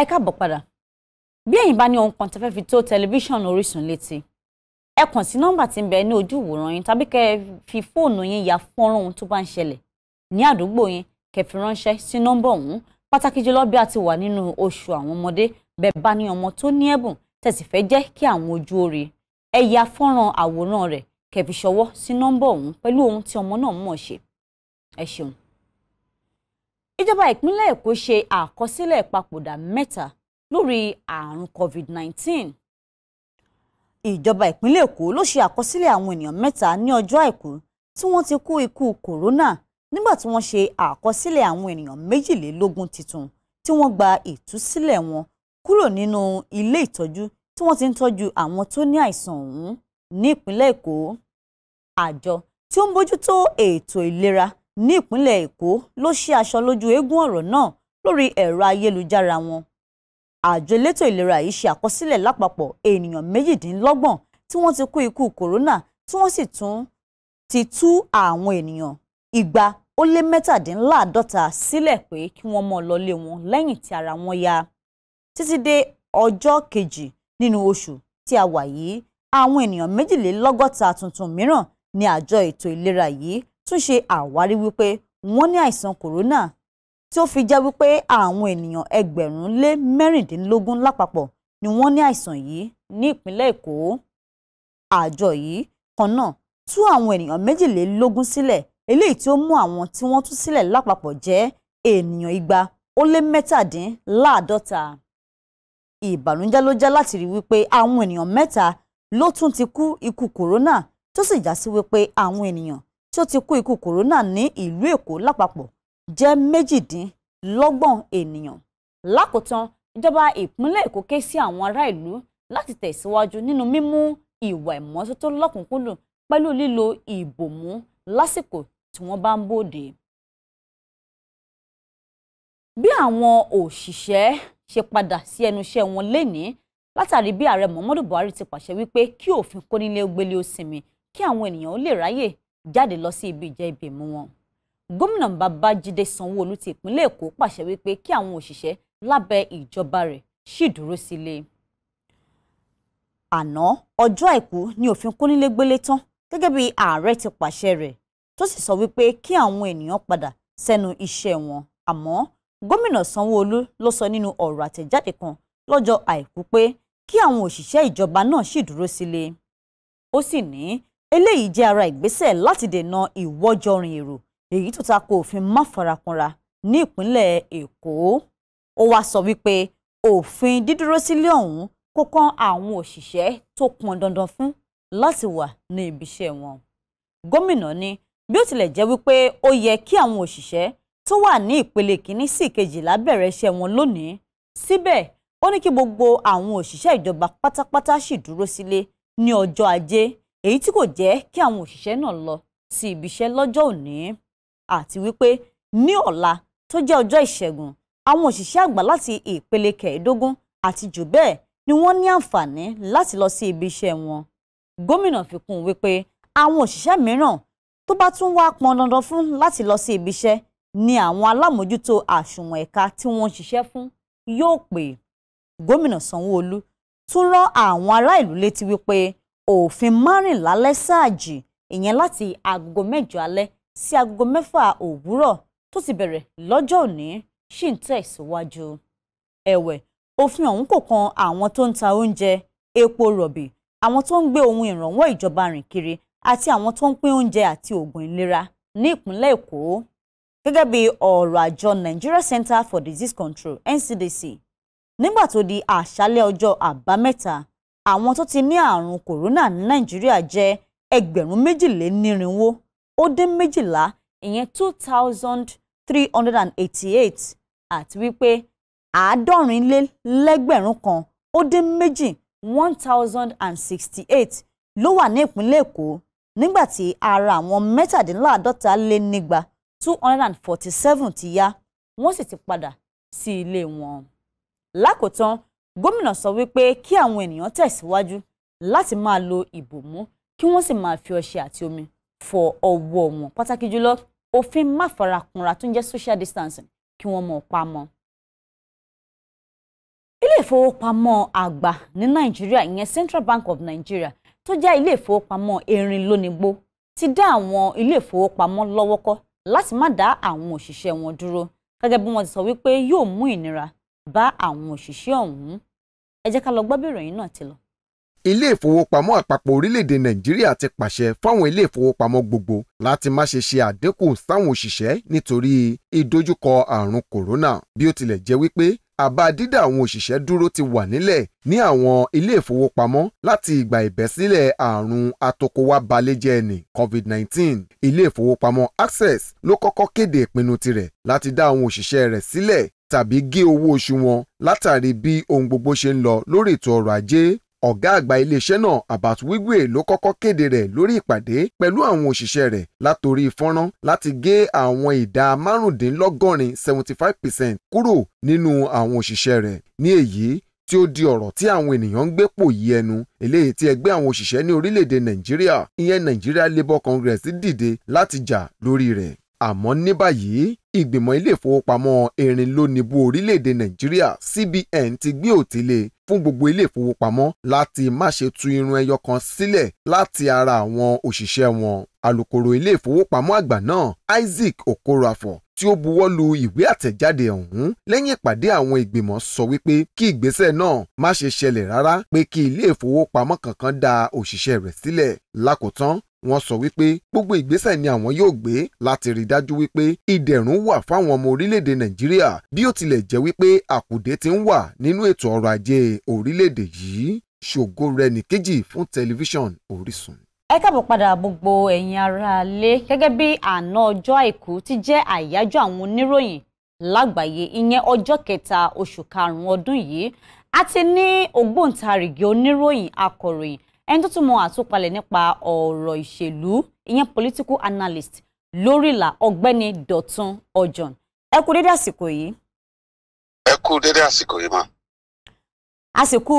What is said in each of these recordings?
ẹ káàbọ̀ padà bí ẹ̀yin bá ní ohun kan tẹ́ fẹ́ fi tó tẹlifíṣàn Orísun létí ẹ kàn sí nọ́mbà tí ń bẹ ní ojú ìwòran yín tàbí kẹ́ ẹ fi fóònù yín ya fọ́nrán ohun tó bá ń ṣẹlẹ̀ ní àdúgbò yín kẹ́ fi ránṣẹ́ sí nọ́mbà ọ̀hún pàtàkì jùlọ bí a ti wà nínú oṣù àwọn ọmọdé bẹ́ẹ̀ bá ní ọmọ tó ní ẹ̀bùn tẹ̀sí fẹ́ jẹ́ kí àwọn ojú oore ẹ ya fọ́nrán àwòrán rẹ̀ kẹ́ fi ṣọwọ́ sí nọ́mbà ọ̀hún pẹ̀lú ohun tí ọmọ náà mọ̀ ṣe ẹ ṣeun ìjọba ìpínlẹ̀ èkó ṣe àkọsílẹ̀ ìpapòdà mẹ́ta lórí àrùn covid-19 ìjọba ìpínlẹ̀ èkó ló ṣe àkọsílẹ̀ àwọn ènìyàn mẹ́ta ní ọjọ́ àìkú tí wọ́n ti kú ikú kòrónà nígbà tí wọ́n ṣe àkọsílẹ̀ àwọn ènìyàn méjìlélógún tuntun tí wọ́n gba ìtúsílẹ̀ wọn kúrò nínú ilé ìtọ́jú tí wọ́n ti ń tọ́jú àwọn tó ní àìsàn ọ̀hún ní ìpínlẹ̀ èkó àjọ tí ó ń bójútó ètò ìlera ní ìpínlẹ̀ Èkó ló ṣí aṣọ lójú eégún ọ̀rọ̀ náà lórí ẹ̀rọ ayélujára wọn àjọ elétò ìlera yìí ṣe àkọsílẹ̀ lápapọ̀ ènìyàn méjìdínlọ́gbọ̀n tí wọ́n ti kú ikú kòrónà tí wọ́n sì tún ti tú àwọn ènìyàn igba ó lé mẹ́tàdínláàádọ́ta sílẹ̀ pé kí wọ́n mọ̀ lọlé wọn lẹ́yìn tí ara wọn ya títí dé ọjọ́ kejì nínú oṣù tí a wà yìí àwọn ènìyàn méjìlélọ́gọ́ta tuntun mìíràn ni àjọ ètò ìlera yìí tún ṣe àwárí wípé wọ́n ní àìsàn kòrónà tí ó fi jẹ́ wípé àwọn ènìyàn ẹgbẹ̀rún lé mẹ́rìndínlógún lápapọ̀ ni wọ́n ní àìsàn yìí ní ìpínlẹ̀ Èkó àjọ yìí kan náà tú àwọn ènìyàn méjìlélógún sílẹ̀ eléyìí tí ó mú àwọn tí wọ́n tú sílẹ̀ lápapọ̀ jẹ́ ènìyàn igba ó lé mẹ́tàdínláàádọ́ta ìbànújẹ́ ló jẹ́ láti rí wípé àwọn ènìyàn mẹ́ta ló tún ti kú ikú kòrónà tó sì já sí wípé àwọn ènìyàn tó ti kú ikú kòrónà ní ìlú Èkó lápapọ̀ jẹ́ méjìdínlọ́gbọ̀n ènìyàn lákòótán ìjọba ìpínlẹ̀ Èkó ké sí àwọn ará ìlú láti tẹ̀síwájú nínú mímú ìwà ìmọ́tótó lọ́kùnkúndùn pẹ̀lú lílo ìbòmú lásìkò tí wọ́n bá ń bòde. bí àwọn òṣìṣẹ́ ṣe padà sí ẹnu iṣẹ́ wọn lénìí látàrí bí ààrẹ Muhammadu Buhari ti pàṣẹ wípé kí òfin kónílé gbélé ó sinmi kí àwọn ènìyàn ó lè ráyè jáde lọ sí ibi ìjẹ ibi ìmú wọn gómìnà babájídé sanwóolu ti ìpínlẹ̀ èkó pàṣẹ wípé kí àwọn òṣìṣẹ́ lábẹ́ ìjọba rẹ̀ ṣì dúró sílé àná ọjọ́ àìkú ni òfin kónílégbélé tán gẹ́gẹ́ bí ààrẹ ti pàṣẹ rẹ̀ tó sì sọ wípé kí àwọn ènìyàn padà sẹ́nu iṣẹ́ wọn àmọ́ gómìnà sanwóolu ló sọ nínú ọ̀rọ̀ àtẹ̀jáde kan lọ́jọ́ àìkú pé kí àwọn òṣìṣẹ́ ìjọba náà sì dúró sílé ó sì ní eléyìí jẹ́ ara ìgbésẹ̀ láti dènà ìwọ́jọrin èrò èyí tó tako òfin máfarakanra ní ìpínlẹ̀ Èkó ó wáá sọ wípé òfin dídúró sílé ọ̀hún kó kán àwọn òṣìṣẹ́ tó pọn dandan fún láti wà ní ibiṣẹ́ wọn gómìnà ni bí ó tilẹ̀ jẹ́ wípé ó yẹ kí àwọn òṣìṣẹ́ tó wà ní ìpele kìíní sí ìkejìlá bẹ̀rẹ̀ iṣẹ́ wọn lónìí síbẹ̀ ó ní kí gbogbo àwọn òṣìṣẹ́ ìjọba pátápátá sì dúró sílé ní ọjọ́ ajé èyí tí kò jẹ́ kí àwọn òṣìṣẹ́ náà lọ sí ibi iṣẹ́ lọ́jọ́ òní àti wípé ní ọ̀la tó jẹ́ ọjọ́ ìṣẹ́gun àwọn òṣìṣẹ́ àgbà láti ìpele kẹẹ̀ẹ́dógún àti jù bẹ́ẹ̀ ni wọ́n ní àǹfààní láti lọ sí ibi iṣẹ́ wọn gómìnà fi kún un wípé àwọn òṣìṣẹ́ mìíràn tó bá tún wá pọn dandan fún láti lọ sí ibi iṣẹ́ ni àwọn alámòójútó àsùnwọ̀n ẹ̀ka tí wọ́n ń ṣiṣẹ́ fún yóò pè gómìnà sanwó-olu tún rán àwọn ará létí wípé òfin márìnlá lẹ́sàájì ìyẹn láti agogo mẹ́jọ alẹ́ sí agogo mẹ́fà òwúrọ̀ tó ti bẹ̀rẹ̀ lọ́jọ́ òní ṣì ń tẹ̀síwájú. ẹ̀wẹ̀ òfin ọ̀hún kò kan àwọn tó ń ta oúnjẹ epo rọ̀bì àwọn tó ń gbé ohun ìrànwọ́ ìjọba rìn kiri àti àwọn tó ń pín oúnjẹ àti oògùn ìlera ní ìpínlẹ̀ Èkó gẹ́gẹ́ bí ọ̀rọ̀ àjọ Nigeria Center for Disease Control NCDC nígbà tó di àṣálẹ́ ọjọ́ àbámẹ́ta àwọn tó ti ní àrùn kòrónà ní nàìjíríà jẹ́ ẹgbẹ̀rún méjìlénírínwó ó dé méjìlá ìyẹn two thousand three hundred and eighty-eight àti wípé àádọ́rin lé lẹ́gbẹ̀rún kan ó dé méjì one thousand and sixty-eight ló wà ní ìpínlẹ̀ èkó nígbàtí ara àwọn mẹ́tàdínláàádọ́ta lé nígba two hundred and forty-seven ti yá wọ́n sì ti padà sí ilé wọn. lákòótán gómìnà sọ wípé kí àwọn ènìyàn tẹ̀síwájú láti máa lo ìbòmú kí wọ́n sì máa fi ọṣẹ àti omi fọ ọwọ́ wọn pàtàkì jùlọ òfin máfarakunra tó ń jẹ́ social distancing kí wọ́n mọ̀ pa mọ́. ilé ìfowópamọ́ àgbà ní nàìjíríà ìyẹn Central Bank of Nigeria tó jẹ́ ilé ìfowópamọ́ erin lónìgbò ti dá àwọn ilé ìfowópamọ́ lọ́wọ́ kọ́ láti má dá àwọn òṣìṣẹ́ wọn dúró gẹ́gẹ́ bí wọ́n ti sọ wípé yóò mú ìnira bá àwọn òṣìṣẹ́ ọ̀hún ẹ jẹ́ ká lọ gbọ́ bí ìròyìn náà ti lọ. ilé ìfowópamọ́ àpapọ̀ orílẹ̀-èdè nàìjíríà ti pàṣẹ fáwọn ilé ìfowópamọ́ gbogbo láti má ṣe ṣe àdínkù sáwọn òṣìṣẹ́ nítorí ìdojúkọ àrùn kòrónà bí ó tilẹ̀ jẹ́ wípé àbá dídá àwọn òṣìṣẹ́ dúró ti wà nílẹ̀ ní àwọn ilé ìfowópamọ́ láti ìgbà ìbẹ́sílẹ̀ àrùn atokowábalẹ́jẹ́ ní COVID-19. ilé ìfowópamọ́ Access ló kọ́kọ́ kéde ìpinnu tirẹ̀ láti dá àwọn òṣìṣẹ́ rẹ̀ sílẹ̀ tàbí gé owó oṣù wọn látàrí bí ohun gbogbo ṣe ń lọ lórí ètò ọrọ̀ ajé ọ̀gá àgbà iléeṣẹ́ náà Abat Wigwe ló kọ́kọ́ kéde rẹ̀ lórí ìpàdé pẹ̀lú àwọn òṣìṣẹ́ rẹ̀ látòrí fọ́nrán láti gé àwọn ìdá márùndínlọ́gọ́rin seventy five percent kúrò nínú àwọn òṣìṣẹ́ rẹ̀ ní èyí tí ó di ọ̀rọ̀ tí àwọn ènìyàn ń gbé pò yí ẹnu eléyìí tí ẹgbẹ́ àwọn òṣìṣẹ́ ní orílẹ̀-èdè Nàìjíríà ìyẹn Nigeria Labour Congress dìde láti jà lórí rẹ̀ àmọ́ ní báyìí ìgbìmọ̀ ilé ìfowópamọ́ erinlónìbó orílẹ̀-èdè nàìjíríà cbn ti gbé òtílé fún gbogbo ilé ìfowópamọ́ láti má ṣe tú irun ẹyọ kan sílẹ̀ láti ara àwọn òṣìṣẹ́ wọn alukoro ilé ìfowópamọ́ àgbà náà isaac okorafo tí ó buwọ́ lu ìwé àtẹ̀jáde ọ̀hún lẹ́yìn ìpàdé àwọn ìgbìmọ̀ sọ wípé kí ìgbésẹ̀ náà má ṣe ṣẹlẹ̀ rárá pé kí ilé ìfowópamọ́ kankan dá òṣìṣẹ́ rẹ̀ sílẹ̀ lákòótán wọ́n sọ wípé gbogbo ìgbésẹ̀ ni àwọn yóò gbé láti rí dájú wípé ìdẹ̀rùn wà fáwọn ọmọ orílẹ̀-èdè nàìjíríà bí ó tilẹ̀ jẹ́ wípé àkùdé ti ń wà nínú ètò ọrọ̀ ajé orílẹ̀-èdè yìí ṣògo rẹ nìkejì fún tẹlifíṣàn orísun ẹ káàbọ̀ padà gbogbo ẹ̀yin aráalé gẹ́gẹ́ bí àná ọjọ́ àìkú ti jẹ́ àyájọ́ àwọn oníròyìn lágbàáyé ìyẹn ọjọ́ kẹta oṣù karùn-ún ọdún yìí a ti ní ògbóǹtarìgì oníròyìn akọ̀ròyìn ẹni tó tún mọ àtúpalẹ̀ nípa ọ̀rọ̀ ìṣèlú ìyẹn political analyst lórílà ọ̀gbẹ́ni Dọ̀tun Ọjọ́n ẹ kú dédé àsìkò yìí. ẹ kú dédé àsìkò yìí mà. àsìkò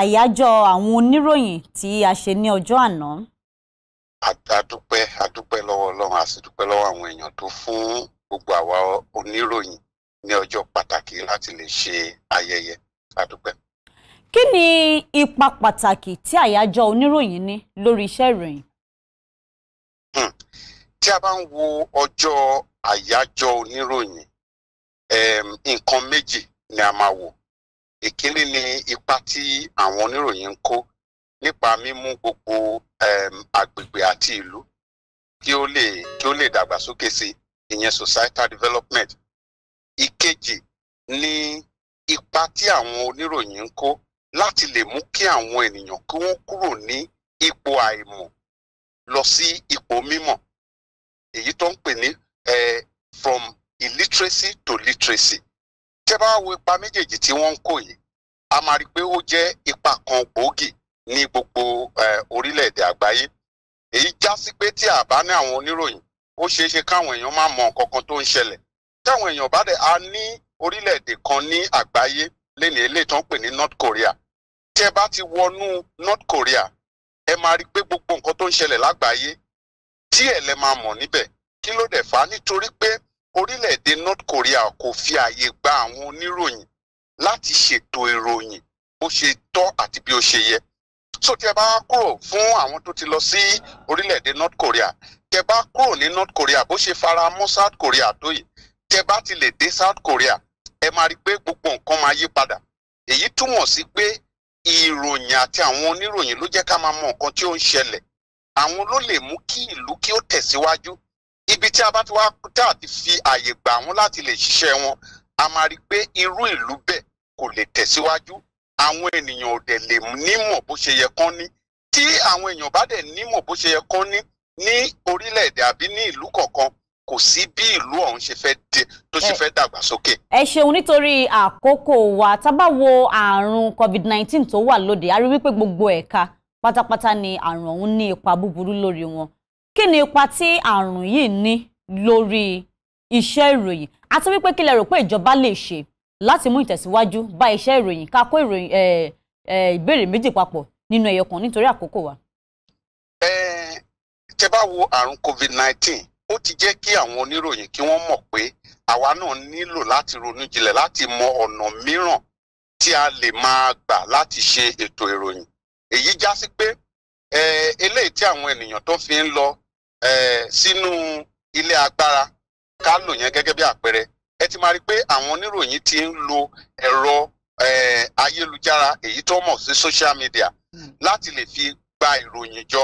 àyájọ́ àwọn oníròyìn tí a ṣe ní ọjọ́ àná. àdúpẹ́ àdúpẹ́ lọ́wọ́ Ọlọ́run a sì dúpẹ́ lọ́wọ́ àwọn èèyàn tó fún gbogbo àwa oníròyìn ní ọjọ́ pàtàkì láti lè ṣe ayẹyẹ àdúpẹ́ kí ni ipa pàtàkì tí àyájọ́ oníròyìn ní lórí iṣẹ́ ìròyìn. Hmm. tí a bá ń wo ọjọ́ àyájọ́ oníròyìn ehm, nǹkan méjì ni a máa wò ìkíní ni ipa tí àwọn oníròyìn ń kó nípa mímú gbogbo ehm, agbègbè àti ìlú kí ó lè kí ó lè dàgbàsókè sí ìyẹn societal development ìkejì ni ipa tí àwọn oníròyìn ń kó láti lè mú kí àwọn ènìyàn kí wọ́n kúrò ní ipò àìmọ̀ lọ sí ipò mímọ̀ èyí tó ń pè ní from illiteracy to literacy tẹ́ bá wo ipa méjèèjì tí wọ́n ń kó yìí a máa rí i pé ó jẹ́ ipa kan gbòógì ní gbogbo orílẹ̀-èdè àgbáyé èyí já sí pé tí a bá ní àwọn oníròyìn ó ṣeé ṣe káwọn èèyàn má mọ nǹkan kan tó ń ṣẹlẹ̀ táwọn èèyàn bá dẹ̀ a ní orílẹ̀-èdè kan ní àgbáyé lẹ́nu eléyìí tó ń pè ní North Korea tẹ́ bá ti wọnú North Korea ẹ máa rí i pé gbogbo nǹkan tó ń ṣẹlẹ̀ lágbàáyé díẹ̀ lẹ máa mọ̀ níbẹ̀ kí ló dẹ̀ fà á nítorí pé orílẹ̀-èdè North Korea kò fi ààyè gba àwọn oníròyìn láti ṣètò ìròyìn bó ṣe tọ́ àti bí ó ṣe yẹ so tí ẹ bá kúrò fún àwọn tó ti lọ sí orílẹ̀-èdè North Korea tẹ́ bá kúrò ní North Korea bó ṣe fara mọ́ South Korea tó yìí tẹ́ bá ti lè dé South Korea ẹ máa rí i pé gbogbo nǹkan máa yí padà èyí túmọ̀ sí pé ìròyìn àti àwọn oníròyìn ló jẹ́ ká máa mọ nǹkan tí ó ń ṣẹlẹ̀ àwọn ló lè mú kí ìlú kí ó tẹ̀síwájú ibi tí a bá ti wá tá àti fi àyè gbà wọn láti lè ṣiṣẹ́ wọn a máa rí i pé irú ìlú bẹ́ẹ̀ kò lè tẹ̀síwájú àwọn ènìyàn ò dẹ̀ lè nímọ̀ bó ṣe yẹ kán ní tí àwọn èèyàn bá dẹ̀ nímọ̀ bó ṣe yẹ kán ní ní orílẹ̀-èdè àbí ní ìlú kọ̀ọ̀kan kò sí bí ìlú ọ̀hún ṣe fẹ́ di tó ṣe fẹ́ dàgbà sókè. ẹ ṣeun nítorí àkókò wa tá wo àrùn covid-19 tó wà lóde a rí wípé gbogbo ẹ̀ka pátápátá ni àrùn ọ̀hún ní ipa búburú lórí wọn kí ni ipa tí àrùn yìí ní lórí iṣẹ́ ìròyìn àti wípé kí lẹ rò pé ìjọba lè ṣe láti mú ìtẹ̀síwájú bá iṣẹ́ ìròyìn ká kó ìròyìn ìbéèrè méjì papọ̀ nínú ẹyọ kan nítorí àkókò wa. ẹ tẹ bá wo àrùn covid nineteen ó ti jẹ́ kí àwọn oníròyìn kí wọ́n mọ̀ pé àwa náà nílò láti ronú jinlẹ̀ láti mọ ọ̀nà mìíràn tí a lè máa gbà láti ṣe ètò ìròyìn èyí já sí pé eléyìí tí àwọn ènìyàn tó fi ń lọ sínú ilé agbára ká lò yẹn gẹ́gẹ́ bí àpẹẹrẹ ẹ ti máa rí i pé àwọn oníròyìn ti ń lo ẹ̀rọ ayélujára èyí tó mọ̀ sí social media hmm. láti lè fi gba ìròyìn jọ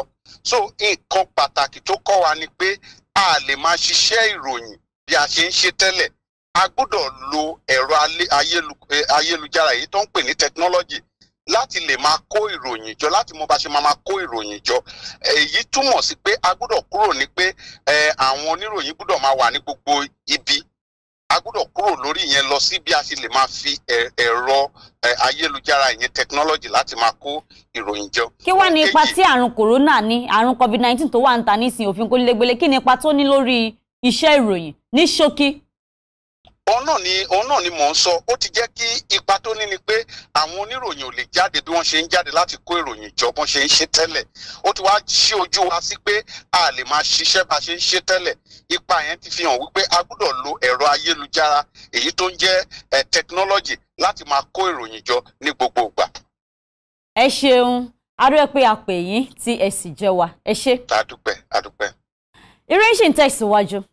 so nǹkan pàtàkì tó kọ́ wa ni pé a lè máa ṣiṣẹ́ ìròyìn bí a ṣe ń ṣe tẹ́lẹ̀ a gbọ́dọ̀ lo ẹ̀rọ ayélujára èyí tó ń pè ní technology láti lè máa kó ìròyìn jọ láti mọ bá ṣe máa máa kó ìròyìn jọ èyí túmọ̀ sí pé a gbọ́dọ̀ kúrò ní pé àwọn oníròyìn gbọ́dọ̀ máa wà ní gbogbo ibi a gbọ́dọ̀ kúrò lórí yẹn lọ sí bí a ṣe lè máa fi ẹ̀rọ ayélujára ìyẹn technology láti máa kó ìròyìn jọ. kí wàá ní ipa tí àrùn kòrónà ní àrùn covid 19 tó wà ń ta nísìnyí òfin kónílégbélé kí ni ipa tó ní lórí iṣẹ́ ìròyìn ní ṣókí òun náà ni òun náà ni mò ń sọ ó ti jẹ́ kí ipa tó ní ni pé àwọn oníròyìn ò lè jáde bí wọ́n ṣe ń jáde láti kó ìròyìn jọ bọ́n ṣe ń ṣe tẹ́lẹ̀ ó ti wá ṣí ojú wa sí pé a lè máa ṣiṣẹ́ bá a ṣe ń ṣe tẹ́lẹ̀ ipa yẹn ti fi hàn wípé a gbọ́dọ̀ lo ẹ̀rọ ayélujára èyí tó ń jẹ́ ẹ̀ technology láti máa kó ìròyìn jọ ní gbogbo ìgbà. ẹ ṣeun adúlẹ̀ pé a pè yín tí ẹ sì jẹ́ wa ẹ ṣé. a dúpẹ́ a tẹ̀síwájú